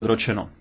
zročeno